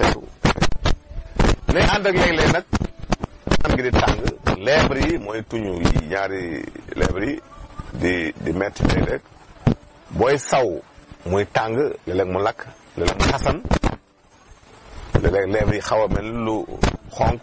xeetu mais ànd ak léeg-léeg nag am ngi di tàng lèvres yi mooy tuñu yi ñaari lèvres yi di di metti léeg booy saw muy tàng léeg mu lakk léeg-léeg mu xasan léeg-léeg yi xaw a mel lu xonk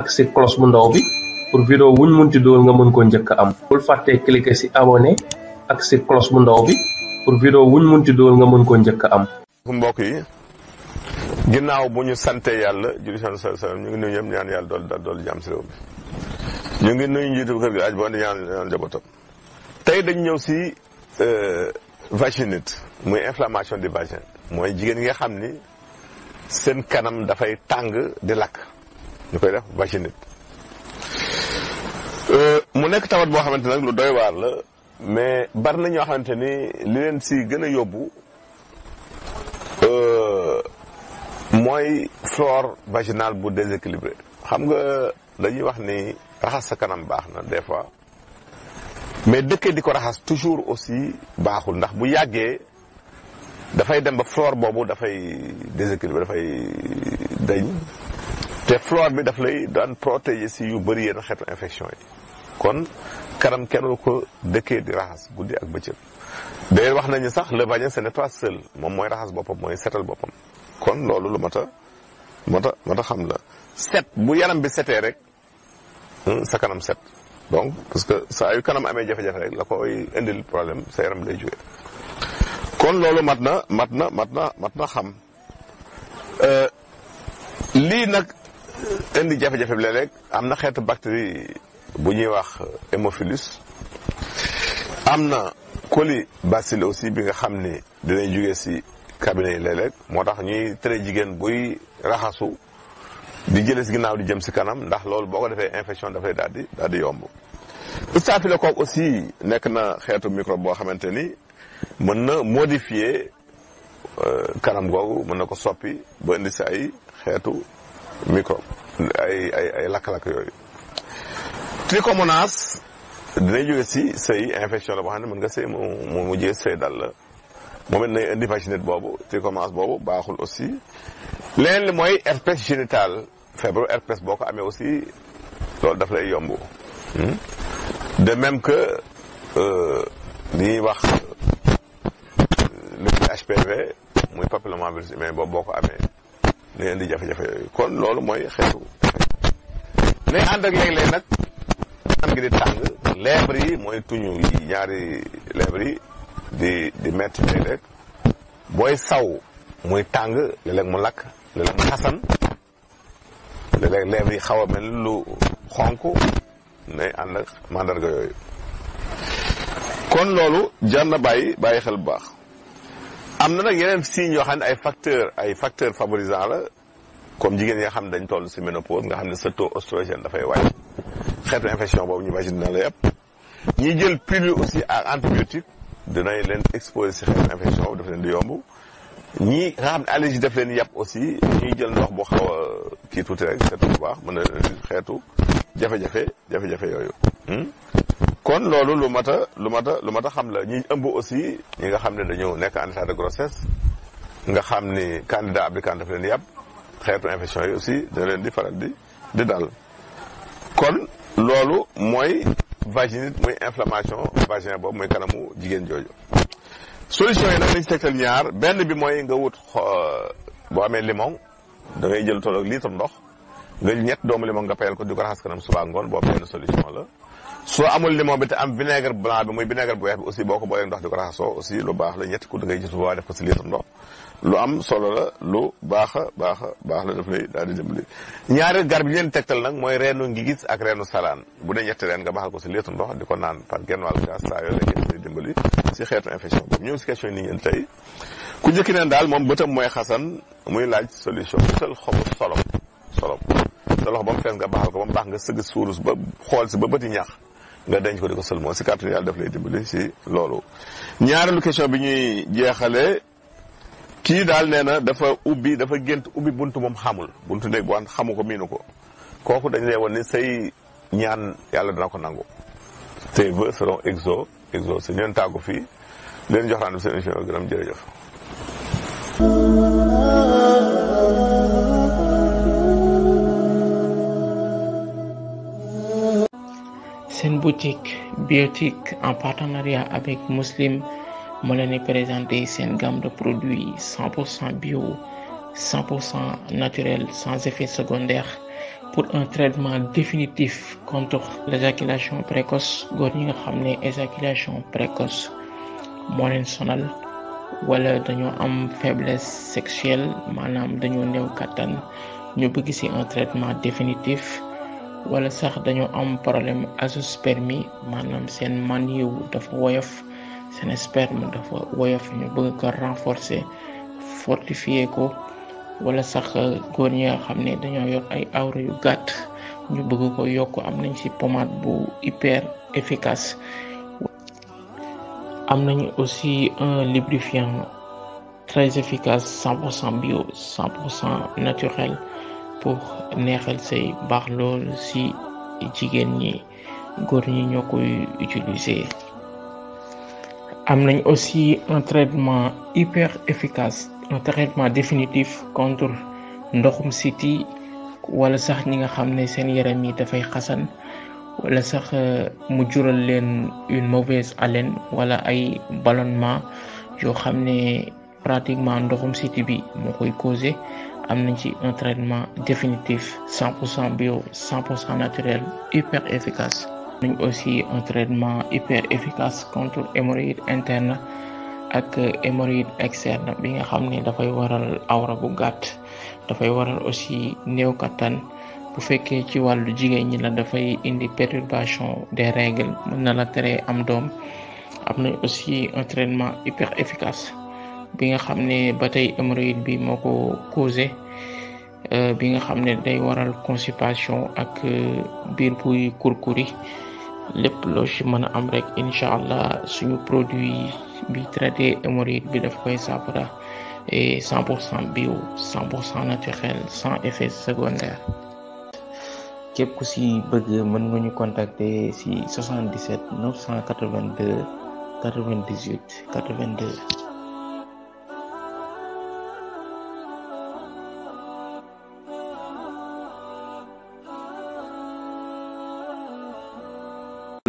ak si cloche bu ndaw bi pour vidéo wuñ munti dool nga mën koo njëkk am bul fàttee cliquer si abonné ak si cloche bu ndaw bi pour vidéo wuñ munti dool nga mën koo njëkk a am mbokk yi ginnaaw bu ñu sante yàlla julli sallallahu alayhi wasallam ñu ngi nuyu ñëpp ñaan yàlla dool dal dool jàmm si réew mi ñu ngi nuy njiitu kër gi aj bo andi ñaan ñaan tey dañ ñëw si euh, vaginite muy inflammation du vagin mooy jigéen yi nga xam ni seen kanam dafay tàng di lakk ñu koy def ba ci euh, mu nekk tawat boo xamante nag lu doy waar la mais bari na ñoo xamante ni li leen si gën a yóbbu euh, mooy flore vaginale bu déséquilibré xam nga dañuy wax ni raxas sa kanam baax na des fois mais dëkkee di ko raxas toujours aussi baaxul ndax bu yàggee dafay dem ba flore boobu dafay déséquilibré dafay dañ te flore bi daf lay daan protéger si yu bëri yenn xeetu infection yi kon kanam kenn ko dëkkee di raxas guddi ak bëccëg day wax nañu sax le vagin se nettoie seul moom mooy raxas boppam mooy setal boppam kon loolu lu mat a mat a a xam la set bu yaram bi setee rek hmm, sa kanam set donc parce que saa yu kanam amee jafe-jafe rek la koy indil problème sa yaram lay jógee kon loolu mat na mat na mat na mat na xam euh, lii nag indi jafe-jafe bi léeg-léeg am na xeetu bactérie bu ñuy wax euh, hémophilus am na colibacille aussi bi nga xam ni dinañ jugee si cabinet yi léeg-léeg moo tax ñuy tere jigéen buy raxasu di jëlee si ginnaaw di jëm si kanam ndax loolu boo ko defee infection dafay daal di daal di yomb. aussi nekk na xeetu microbe boo xamante ni mën na modifier euh, kanam googu mën na ko soppi bu indi si ay xeetu microbe ay ay ay lakk-lakk yooyu. trichomonas dina jóge si sëy infection la boo xam ne mën nga sëy mu mu jee sëy dal la moom it nay indi vaginite boobu trichomonas boobu baaxul aussi. leneen li mooy herpès génital feebaru herpès boo ko amee aussi loolu daf lay yomb. Hmm? de même que euh, li ñuy wax euh, lu ñuy HPV muy papillomavirus humain boobu boo ko amee. day indi jafe-jafe yooyu kon loolu mooy xeetu mais ànd ak léeg-léeg nag am gi di tàng lèvre yi mooy tuñu yi ñaari lèvre yi di di metti léeg booy saw muy tàng léeg mu lakk léeg-léeg mu xasan léeg-léeg yi xaw a mel lu xonk nay ànd ak mandarga yooyu kon loolu jar na bàyyi bàyyi xel bu baax am na nag yeneen signes yoo xam ne ay facteur ay facteur favorisant la comme jigéen yi xam ne dañ toll si ménopause nga xam ne sa taux oestrogène dafay wàcc xeetu infection boobu ñu wàcc dina la yëpp ñi jël pilule aussi ak antibiotique dinañ leen exposé si xeetu infection boobu daf leen di yomb ñi nga xam ne allergie daf leen yàpp aussi ñuy jël ndox bu xaw a kii tuuti rek seetu bu baax mën na leen xeetu jafe-jafe jafe-jafe yooyu hmm? kon loolu lu mat a lu mat a lu mat a xam la ñuy ëmb aussi ñi nga xam ne dañoo nekk en état de nga xam ni candidat applicant daf leen yàpp xeetu infection yi aussi da leen di faral di di dal kon loolu mooy vaginite muy inflammation vagin boobu muy kanamu jigéen jooju solution yi nag ñaar benn bi mooy nga wut euh, boo amee limon da ngay jël tolloog litre ndox nga ñett doomu limon nga payal ko di ko raxas kanam suba ngoon boobu benn solution la soo amul limon bi te am vinaigre blanc bi muy vinaigre bu weex bi aussi boo ko boolee ndox di ko raxasoo aussi lu baax la ñetti ku da ngay am solo la lu baax a baax baax la daf lay daal garab yi leen nag mooy reenu ngigis ak reenu salaan bu dee ñetti reen nga baaxal ko si litre ndox di ko naan par genn wàll gaas saa yoo lekk daf lay si xeetu infection boobu ñëw si question ku njëkki neen daal moom bëtam mooy xasan muy laaj solution sel xobu solom solom sa loxo ba mu nga baaxal ko ba mu baax nga sëgg suurus ba xool si ba bëti ñax nga denc ko di ko sëlmoo si kàttan yàlla daf lay dimbali si loolu. ñaareelu question bi ñuy jeexale kii daal nee na dafa ubbi dafa gént ubbi bunt moom xamul buntu néeg bu xamu ko miinu ko kooku dañ lay woon ni say ñaan yàlla dana ko nangu. tey vœux seront exaucés exaucés ñeen tàggu fii leen jox rendez-vous seen émission gërëm jërëjëf. boutique biotique en partenariat avec Muslim moo leen di présenté une gamme de produits 100% bio 100% naturel sans effet secondaire pour un traitement définitif contre l'éjaculation précoce góor ramener éjaculation précoce moo leen sonal wala de am faiblesse sexuelle madame de nous néo Nous bëgg ci un traitement définitif. wala sax dañu am problème azospermie manam sen man yiwu dafa woyof sen sperme dafa woyof ñu bëgg ko renforcer fortifier ko wala sax goor ñi nga xam dañu yor ay awra yu gatt ñu bëgg ko yok am nañ ci pomade bu hyper efficace am nañ aussi un lubrifiant très efficace 100% bio 100% naturel pour neexal say baax si ci jigéen ñi góor ñi utiliser am nañ aussi un traitement hyper efficace un traitement définitif contre ndoxum siti wala sax ñi nga xam ne mi yaram Fay dafay xasan wala sax euh, mu jural une mauvaise haleine wala ay ballonnement yoo xam pratiquement ndoxum siti bi moo koy causé amener un traitement définitif 100% bio 100% naturel hyper efficace avons aussi un traitement hyper efficace contre l'hémorroïde interne et l'hémorroïde externe bi nga xam ne dafay waral awra bu gàtt dafay waral aussi néew kattan bu fekkee ci wàllu jigéen ñi la perturbation des règles dans l'intérêt la tere am aussi un traitement hyper efficace bi nga xam ne ba tey hémorroïde bi moo ko causé euh, bi nga xam ne day waral constipation ak euh, biir buy kurkuri lépp loo ci mën a am rek incha allah suñu produit bi traité hémorroïde bi daf koy saafara et cent pour cent bio cent naturel effet secondaire képp ku si bëgg mën nga ñu contacter si 77 982 98 82